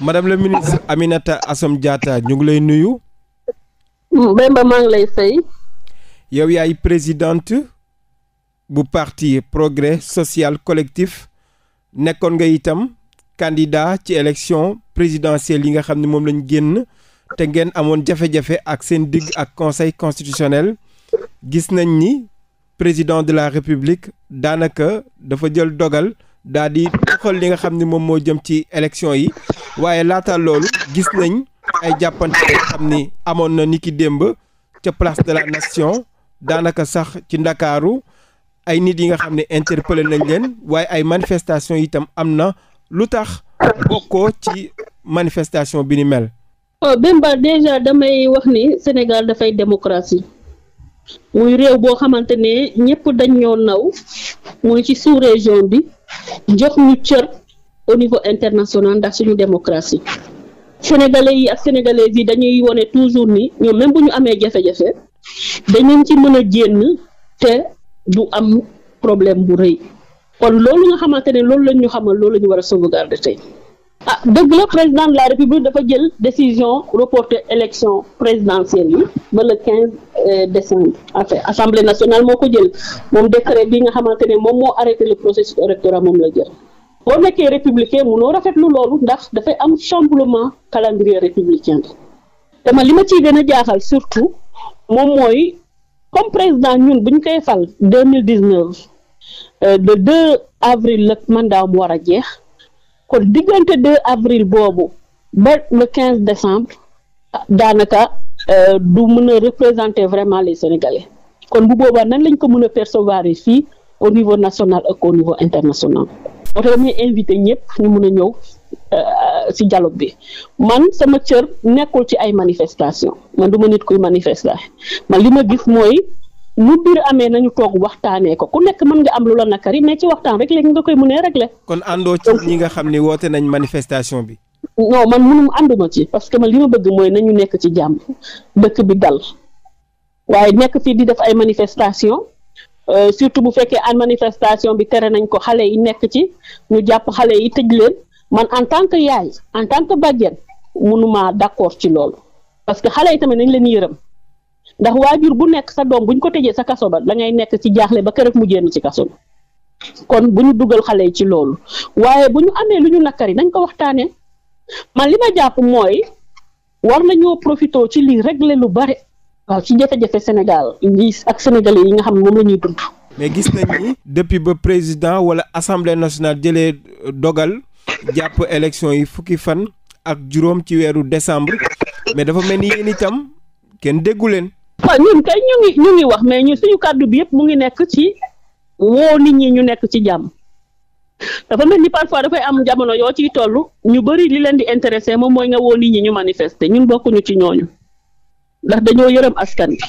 madame la ministre Aminata Assome Diatta ñu ngi lay nuyu. Mbemba mm, maa ngi lay fay. yow yaay présidente bu parti progrès social collectif nekkoon nga itam candidat ci élection présidentielle yi nga xam ne moom lañu génn te ngeen amoon jafe-jafe ak seen digg ak conseil constitutionnel gis nañ ni président de la république daanaka dafa jël dogal daal di toxal li nga xam ne moom moo jëm ci élection yi waaye laata loolu gis nañ ay jàppante yoo xam ni amoon na niki démb ca place de la nation daanaka sax ci ndakaaru ay nit yi nga xam ne interpellé nañ leen waaye ay manifestation itam am na lu tax bokkoo ci manifestation bi ni mel oh Bemba déjà damay wax ni senegal dafay démocratie muy réew boo xamante ne ñëpp dañ ñoo naw muy ci sous-région bi jox ñu cër au niveau international ndax suñu démocratie sénégalais yi ak sénégalaises yi dañuy wone toujours ni ñoom même bu ñu amee jafe-jafe dañu ci mën a génn te du am problème bu rëy kon loolu nga xamante ne loolu lañ ñu xamal loolu la ñu war a sauvegarder tey ah dëgg la président de la république dafa jël décision reporter élection présidentielle yi ba le quinze euh, décembre en fait assemblée nationale moo ko jël moom décret bi nga xamante ne moom moo arrêté le processus électoral moom la jël. boo nekkee républicain munoo rafetlu loolu ndax dafay am chamboulement calendrier républicain bi te man li ma ciy gën a jaaxal surtout moom mooy comme président ñun bu ñu koy fal deux mille dix neuf euh, le deux avril la mandat mu war a jeex kon diggante deux avril boobu ba le quinze décembre ah, daanaka euh, du mën a représenter vraiment les sénégalais kon bu boobaa nan lañ ko mën a percevoir fii au niveau national ak au niveau international. moo tax damay invité ñëpp ñu mun a ñëw euh, ci dialogue bi man sama cër nekkul ci ay manifestation man du ma nit kuy manifester man li ma gis mooy mu biir amee nañu toog waxtaanee ko ku nekk mën nga am lu la nakari mais ci waxtaan rek léegi nga koy mënee régler. kon àndoo ci ñi nga xam ne woote nañ manifestation bi. non man mënum ànduma ci parce que man li ma bëgg mooy nañu nekk ci jàmm dëkk bi dal waaye nekk fii di def ay manifestation Euh, surtout bu fekkee an manifestation bi tere nañ ko xale yi nekk ci ñu jàpp xale yi tëj leen man en tant que yaay en tant que bàjjen mënuma d'accord ci loolu parce que xale yi tamit nañ leen yërëm ndax waajur bu nekk sa doom buñ ko tëjee sa kaso ba da ngay nekk ci jaaxle ba kër mu génn ci kaso ba kon bu ñu dugal xale yi ci loolu waaye bu ñu amee lu ñu nakari nañ ko waxtaanee man li ma jàpp mooy war nañoo profité ci lii régler lu bare waaw ci jafe-jafe Sénégal yi ak sénégalais yi nga xam moom la ñuy dund. mais gis nañ ni depuis ba président wala assemblée nationale jëlee dogal jàpp élection yi fukki fan ak juróom ci weeru décembre mais dafa mel ni yéen itam kenn déggu leen. waaw ñun kay ñu ngi wax mais ñu suñu kàddu bi yëpp mu ngi nekk ci woo nit ñi ñu nekk ci jàmm dafa mel ni parfois dafay am jamono yoo ciy toll ñu bari li leen di intéressé moom mooy nga woo nit ñi ñu manifester ñun bokkuñu ci ñooñu. ndax dañoo yërëm askan bi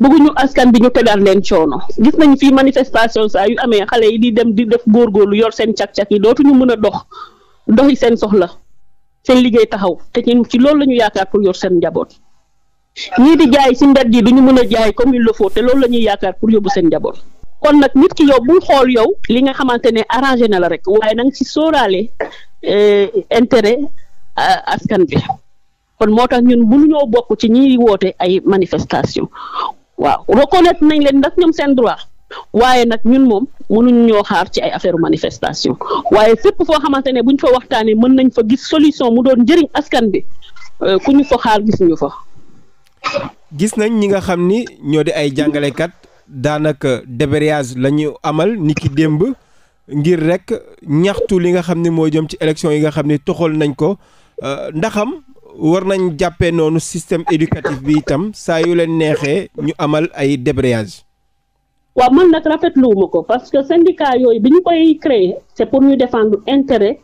bëgguñu askan bi ñu tegal leen coono gis nañ fii manifestation saa yu amee xale yi di dem di def góor góorgóorlu yor seen cak-cak yi dootuñu mën a dox doxi seen soxla seen liggéey taxaw te ci loolu la ñu yaakaar pour yor seen njaboot ñii di jaay ci mbedd yi duñu mën a jaay comme il le te loolu la ñuy yaakaar pour yóbbu seen njaboot kon nag nit ki yow bul xool yow li nga xamante ne arrangé na la rek waaye na nga ci sóoraale euh, intérêt euh, askan bi kon moo tax ñun ñoo bokk ci ñiy woote ay manifestation waaw reconnaître nañ leen ndax ñoom seen droit waaye nag ñun moom mënuñ ñoo xaar ci ay affaire manifestation waaye fépp foo xamante ne buñ fa waxtaanee mën nañ fa gis solution mu doon njëriñ askan bi euh, ku ñu fa xaar gis ñu fa. gis nañ ñi nga xam ni ñoo di ay jàngalekat daanaka débrayage la ñu amal ki démb ngir rek ñaxtu li nga xam ne moo jëm ci élection yi nga xam ni toxal nañ ko euh, ndaxam war nañ jàppee noonu système éducatif bi itam saa yu leen neexee ñu amal ay débrayage. waaw man nag rafetluwuma ko parce que syndicat yooyu bi ñu koy créer c'est pour ñu défendre intérêt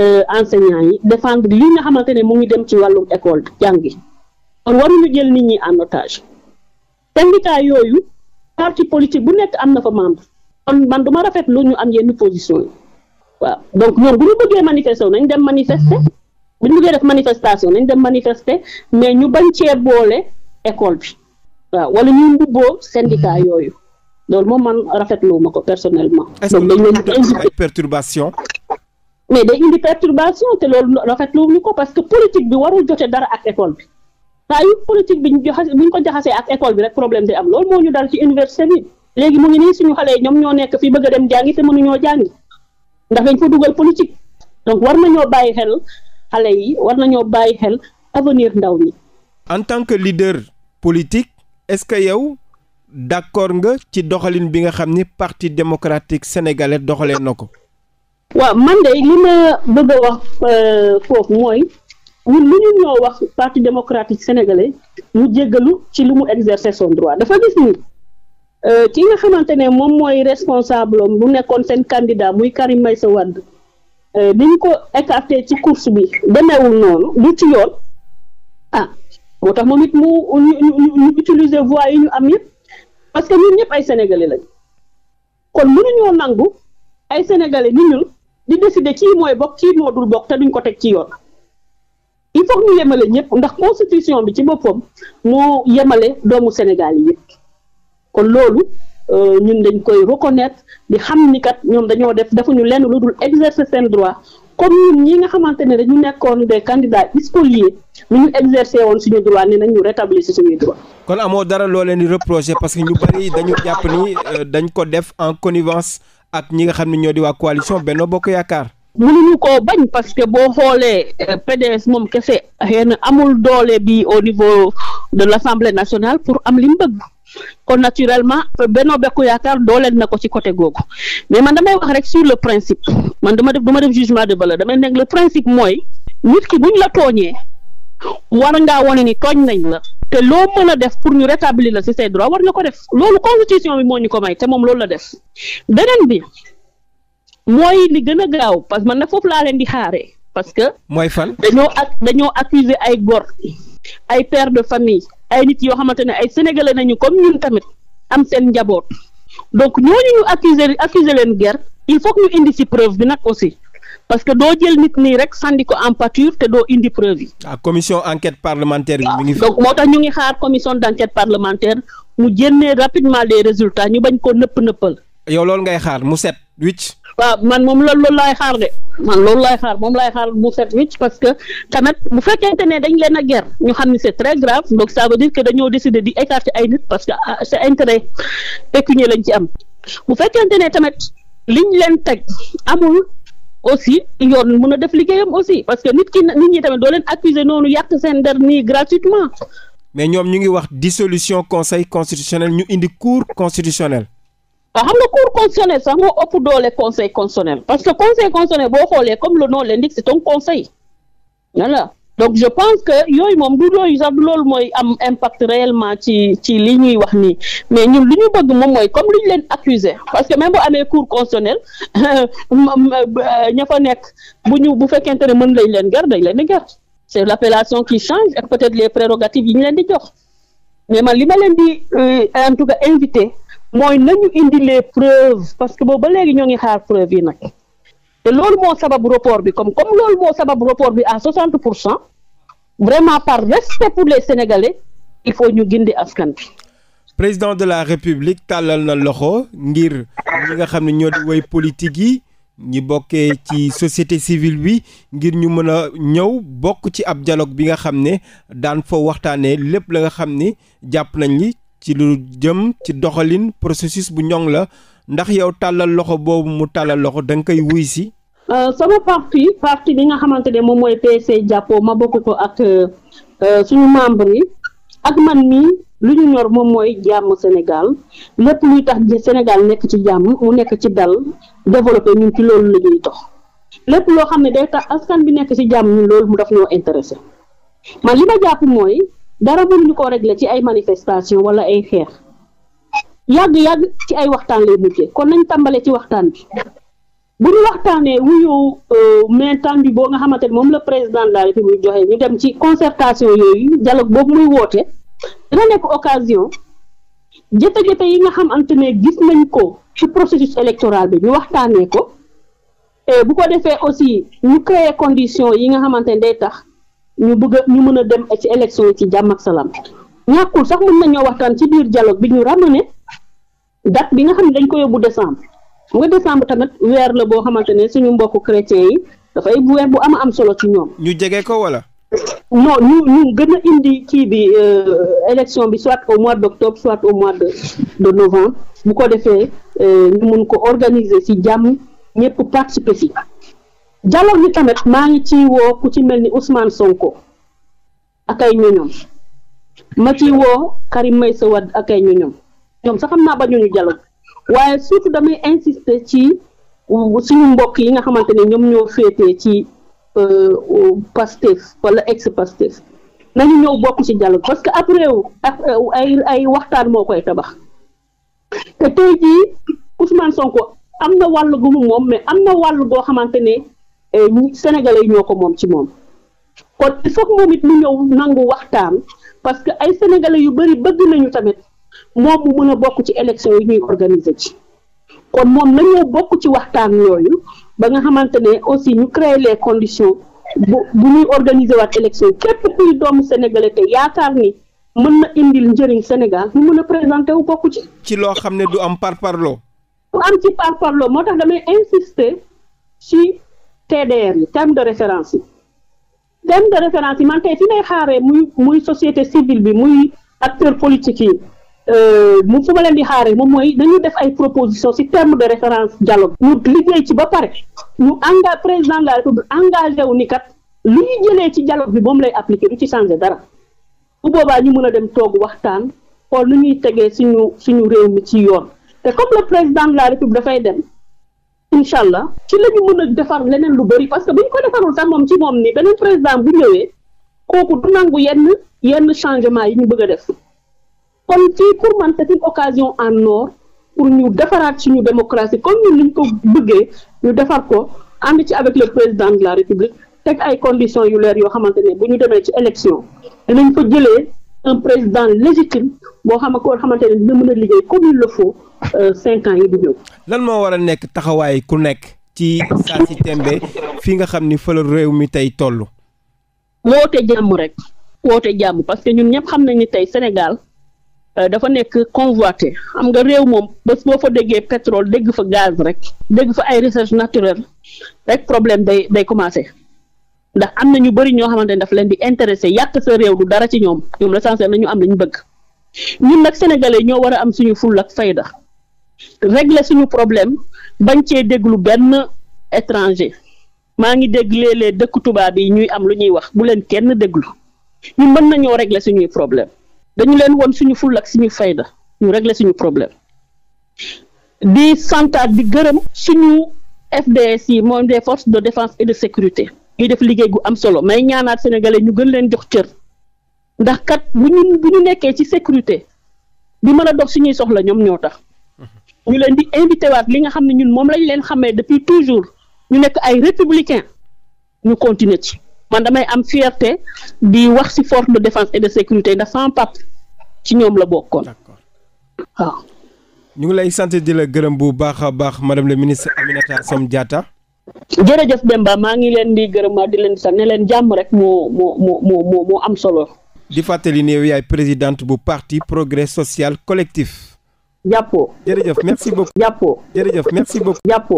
euh, enseignants yi défendre li nga xamante ne mu ngi dem ci wàllum école jàngi kon waruñu jël nit ñi en otage syndicat yooyu parti politique bu nekk am na fa membre kon man du ma rafetlu ñu am yenn position yi waaw donc bu ñu bëggee manifester nañ dem manifester. bu ñu bëggee def manifestation nañ dem manifester mais ñu bañ cee boole école bi waaw wala ñu mbubboo syndicat mm-hmm. yooyu loolu moom man rafet ma ko personnellement. donc ay perturbation. mais day indi perturbation te loolu rafetlu ñu ko parce que politique bi warul jote dara ak école bi saa yu politique bi ñu joxe ñu ko jaxasee ak école bi rek problème day am loolu moo ñu dal ci université bi léegi mu ngi nii suñu xale ñoom ñoo nekk fii bëgg a dem jàngi te mënuñoo jàngi ndax dañ fa dugal politique donc war nañoo bàyyi xel xale yi war nañoo bàyyi xel avenir ndaw ñi. en tant que leader politique est-ce que yow d'accord nga ci doxalin bi nga xam ni parti démocratique sénégalais doxalee na ko. waaw man de li ma bëgg a wax euh, foofu mooy ñun lu ñu ñoo wax parti démocratique sénégalais mu jéggalu ci lu mu exercer son droit dafa gis ni euh, ki nga xamante ne moom mooy responsable bu nekkoon seen candidat muy Karim Meïssa Wade Euh, bi ñu ko écarté ci course bi demeewul noonu lu ci yoon ah moo tax moom it mu ñu utiliser voie yi ñu am yëpp parce que ñun ñëpp ay sénégalais lañ kon mënuñoo nangu ay sénégalais ni ñun di décider kii mooy bokk kii moo dul bokk te duñ ko teg ci yoon il faut ñu yemale ñëpp ndax constitution bi ci boppam moo yemalee doomu Sénégal yi kon loolu Euh, ñun dañ koy reconnaître di xam ni kat ñoom dañoo def ñu lenn lu dul exercer seen droit comme ñun ñi nga xamante ne dañu nekkoon des candidats spoliés lu ñu exercer woon suñu droit ne nañ ñu rétablir si suñuy droit. kon amoo dara loo leen di reprocher parce que ñu bari dañu jàpp ni euh, dañ ko def en connivence ak ñi nga xam ne ñoo di waa coalition Benno Bokk Yaakaar. ñu ko bañ parce que boo xoolee euh, PDS moom kese xëy na amul doole bi au niveau de l'Assemblée nationale pour am li mu bëgg. kon naturellement Benno Bokk Yaakaar dooleel na ko ci côté googu mais man damay wax rek sur le principe man dama def dama def jugement de valeur damay nekk le principe mooy nit ki ñu la tooñee war ngaa wane ni tooñ nañ la te loo mën a def pour ñu rétablir la ci say droit war nga ko def loolu constitution bi moo ñu ko may te moom loolu la def beneen bi mooy li gën a gaaw parce que man nag foofu laa leen di xaaree parce que. mooy fan dañoo ak dañoo accuser ay góor ay père de famille. ay nit yoo xamante ne ay sénégalais nañu comme ñun tamit am seen njaboot donc ñooñu ñu accuser accuser leen guerre il faut que ñu indi ci preuve bi nag aussi parce que doo jël nit nii rek sànni ko en pâture te doo indi preuve yi. ah commission enquête parlementaire bi mi ngi. donc moo tax ñu ngi xaar commission d' enquête parlementaire mu génnee rapidement les résultats ñu bañ ko nëpp nëppal. yow loolu ngay xaar mu set wicc. waaw man moom loolu loolu laay xaar de man loolu laay xaar moom laay xaar bu set wicc parce que tamit bu fekkente ne dañ leen a guerre ñu xam ne c'est très grave donc ça veut dire dañoo décider di écarter ay nit parce que ah, c'est intérêt pécunier lañ ci am bu fekkente ne tamit liñ leen teg amul aussi yoon mën a def liggéeyam aussi parce que nit ki nit ñi tamit doo leen accuser noonu yàq seen der nii gratuitement mais ñoom ñu ngi wax dissolution conseil constitutionnel ñu indi cour constitutionnel waaw xam nga cour constitutionnel sax moo ëpp doole conseil constitutionnel parce que conseil constitutionnel boo xoolee comme le nom l'indique c'est un conseil voilà donc je pense que yooyu moom du looyu sax du loolu mooy am impact réellement ci ci li ñuy wax nii mais ñun li ñu bëgg moom mooy comme li ñu leen accuser parce que même bu amee cour constitutionnel euh, ña fa nekk bu ñu bu fekkente ne mën lañ leen ger dañ leen di ger c'est l'appellation qui change et peut-être les prérogatives yi ñu leen di jox mais man li ma leen di euh, en tout cas mooy nañu indi les preuves parce que boobu ba léegi ñoo ngi xaar preuve yi nag te loolu moo sabab report bi comme comme loolu moo sabab report bi à 60 pour cent vraiment par respect pour les sénégalais il faut ñu gindi askan bi. président de la république tàllal na loxo ngir ñi nga xam ne ñoo di way politique yi ñi bokkee ci société civile bi ngir ñu mën a ñëw bokk ci ab dialogue bi nga xam ne daan fa waxtaanee lépp la nga xam ni jàpp nañ li. ci lu jëm ci doxalin processus bu ñoŋ la ndax yow tàllal loxo boobu mu tàllal loxo da nga koy wuy si. Euh, sama parti parti bi nga xamante ne moom mooy PSC jàppoo ma bokk ko ak euh, suñu membre yi ak man mii lu ñu ñor moom mooy jàmm Sénégal lépp luy tax Sénégal nekk ci jàmm mu nekk ci dal développé ñun ci loolu la ñuy dox lépp loo xam ne day tax askan bi nekk ci jàmm ñun loolu mu daf ñoo intéressé man li ma jàpp mooy. dara mënuñu koo régler ci ay manifestation wala ay xeex yàgg-yàgg ci ay waxtaan lay mujjee kon nañ tàmbalee ci waxtaan bi bu ñu waxtaanee wuyu euh, main tendue boo nga xamante ne moom la président de la république joxe ñu dem ci concertation yooyu dialogue boobu muy woote dina nekk occasion jafe-jafe yi nga xamante ne gis nañ ko ci processus électoral bi ñu waxtaanee ko bu ko defee aussi ñu créer condition yi nga xamante ne day tax ñu bëgg a ñu mën a dem ci élection yi ci jàmm ak salaam ñàkkul sax mën nañoo waxtaan ci biir dialogue bi ñu ramené dat bi nga xam ne dañ ko yóbbu décembre mu nga décembre tamit weer la boo xamante ne suñu mbokku chrétien yi dafay weer bu am am solo ci ñoom. ñu jege ko wala. non ñu ñu gën a indi kii bi euh, élection bi soit au mois d' octobre soit au mois de de novembre bu ko defee euh, ñu mun ko organiser ci jàmm ñëpp participer ci. dialogue bi tamit maa ngi ci woo ku ci mel ni Ousmane Sonko ak ay ñoñom ma ci woo Karim may Wade ak ay ñoñom ñoom sax am naa ba ñooñu dialogue waaye surtout damay insister ci suñu mbokk yi nga xamante ne ñoom ñoo féetee ci euh, Pastef wala ex Pastef nañu ñëw bokk ci dialogue parce que après wu ak ay ay waxtaan moo koy tabax te tey jii Ousmane Sonko am na wàll gu moom mais am na wàll boo xamante ne Eh, ñi sénégalais yi ñoo ko moom ci moom kon il faut moom it mu ñëw nangu waxtaan parce que ay sénégalais yu bëri bëgg nañu tamit moom mu mën a bokk ci élection yi ñuy organisé ci kon moom nañoo bokk ci waxtaan yooyu ba nga xamante ne aussi ñu créer les conditions bu bu ñuy organiser waat élection képp kuy doomu sénégalais te yaakaar ni mën na indil njëriñ Sénégal ñu mën a présenté wu bokk ci. ci loo xam ne du am parparloo. du am ci parparloo moo tax damay insister ci. TDR yi terme de référence yi terme de référence yi man tey fi may xaaree muy muy société civile bi muy acteur politique yi euh, mu fu ma leen di xaare moom mooy nañu def ay proposition ci terme de référence dialogue ñu liggéey ci ba pare ñu engage président de la république engagé wu ni kat lu jëlee ci dialogue bi moom lay appliqué lu ci changé dara bu boobaa ñu mën a dem toog waxtaan xool lu ñuy tegee suñu suñu réew mi ci yoon te comme le président la république dafay dem incha allah ci la ñu mën a defar leneen lu bëri parce que bu ñu ko defarul sax moom ci moom ni beneen président bu ñëwee kooku du nangu yenn yenn changement yi ñu bëgg a def kon ci pour man c'est une occasion en or pour ñu defaraat suñu démocratie comme ni liñ ko bëggee ñu defar ko ànd ci avec le président de la république teg ay conditions yu leer yoo xamante ne bu ñu demee ci élection danañ ko jëlee un président légitime boo xam ko xamante ne dina mën a liggéey comme il le Euh, cinq ans yi lan moo war a nekk taxawaay ku nekk ci saa si tembe fii nga xam ni fële réew mi tey toll. woote jàmm rek woote jàmm parce que ñun ñëpp xam nañ ni tey Sénégal euh, dafa nekk convoité xam nga réew moom bés boo fa déggee pétrole dégg fa gaz rek dégg fa ay recherche naturelle rek problème day day commencé. ndax am na ñu bëri ñoo xamante ne daf leen di intéressé yàq sa réew du dara ci ñoom ñoom l'essentiel na ñu am la ñu bëgg ñun nag sénégalais ñoo war a am suñu ful ak fayda régler suñu problème bañ cee déglu benn étranger maa ngi dégg léeg-léeg dëkk tubaab yi ñuy am lu ñuy wax bu leen kenn déglu ñu mën nañoo régler suñuy problème dañu leen won suñu full ak suñu fayda ñu régler suñu problème di santaat bi gërëm suñu FDS yi moom des forces de défense et de sécurité ñuy def liggéey gu am solo may ñaanaat sénégalais ñu gën leen jox cër ndax kat bu ñu bu ñu nekkee ci sécurité bi mën a dox suñuy soxla ñoom ñoo tax ñu leen di invité waat li nga xam ne ñun moom lañ leen xamee depuis toujours ñu nekk ay républicain ñu continuer ci man damay am fierté di wax ci force de défense et de sécurité ndax sama ci ñoom la bokkoon waaw. ñu ngi lay sant di la gërëm bu baax a baax madame la ministre jaata Assome Diatta. jërëjëf Demba maa ngi leen di gërëm di leen di ne leen jàmm rek moo moo moo moo moo am solo. di fàttali ne yaay présidente bu parti progrès sociale collectif. jàppoo jërëjëf merci beaucoup jàppoo jërëjëf merci beaucoup jàppoo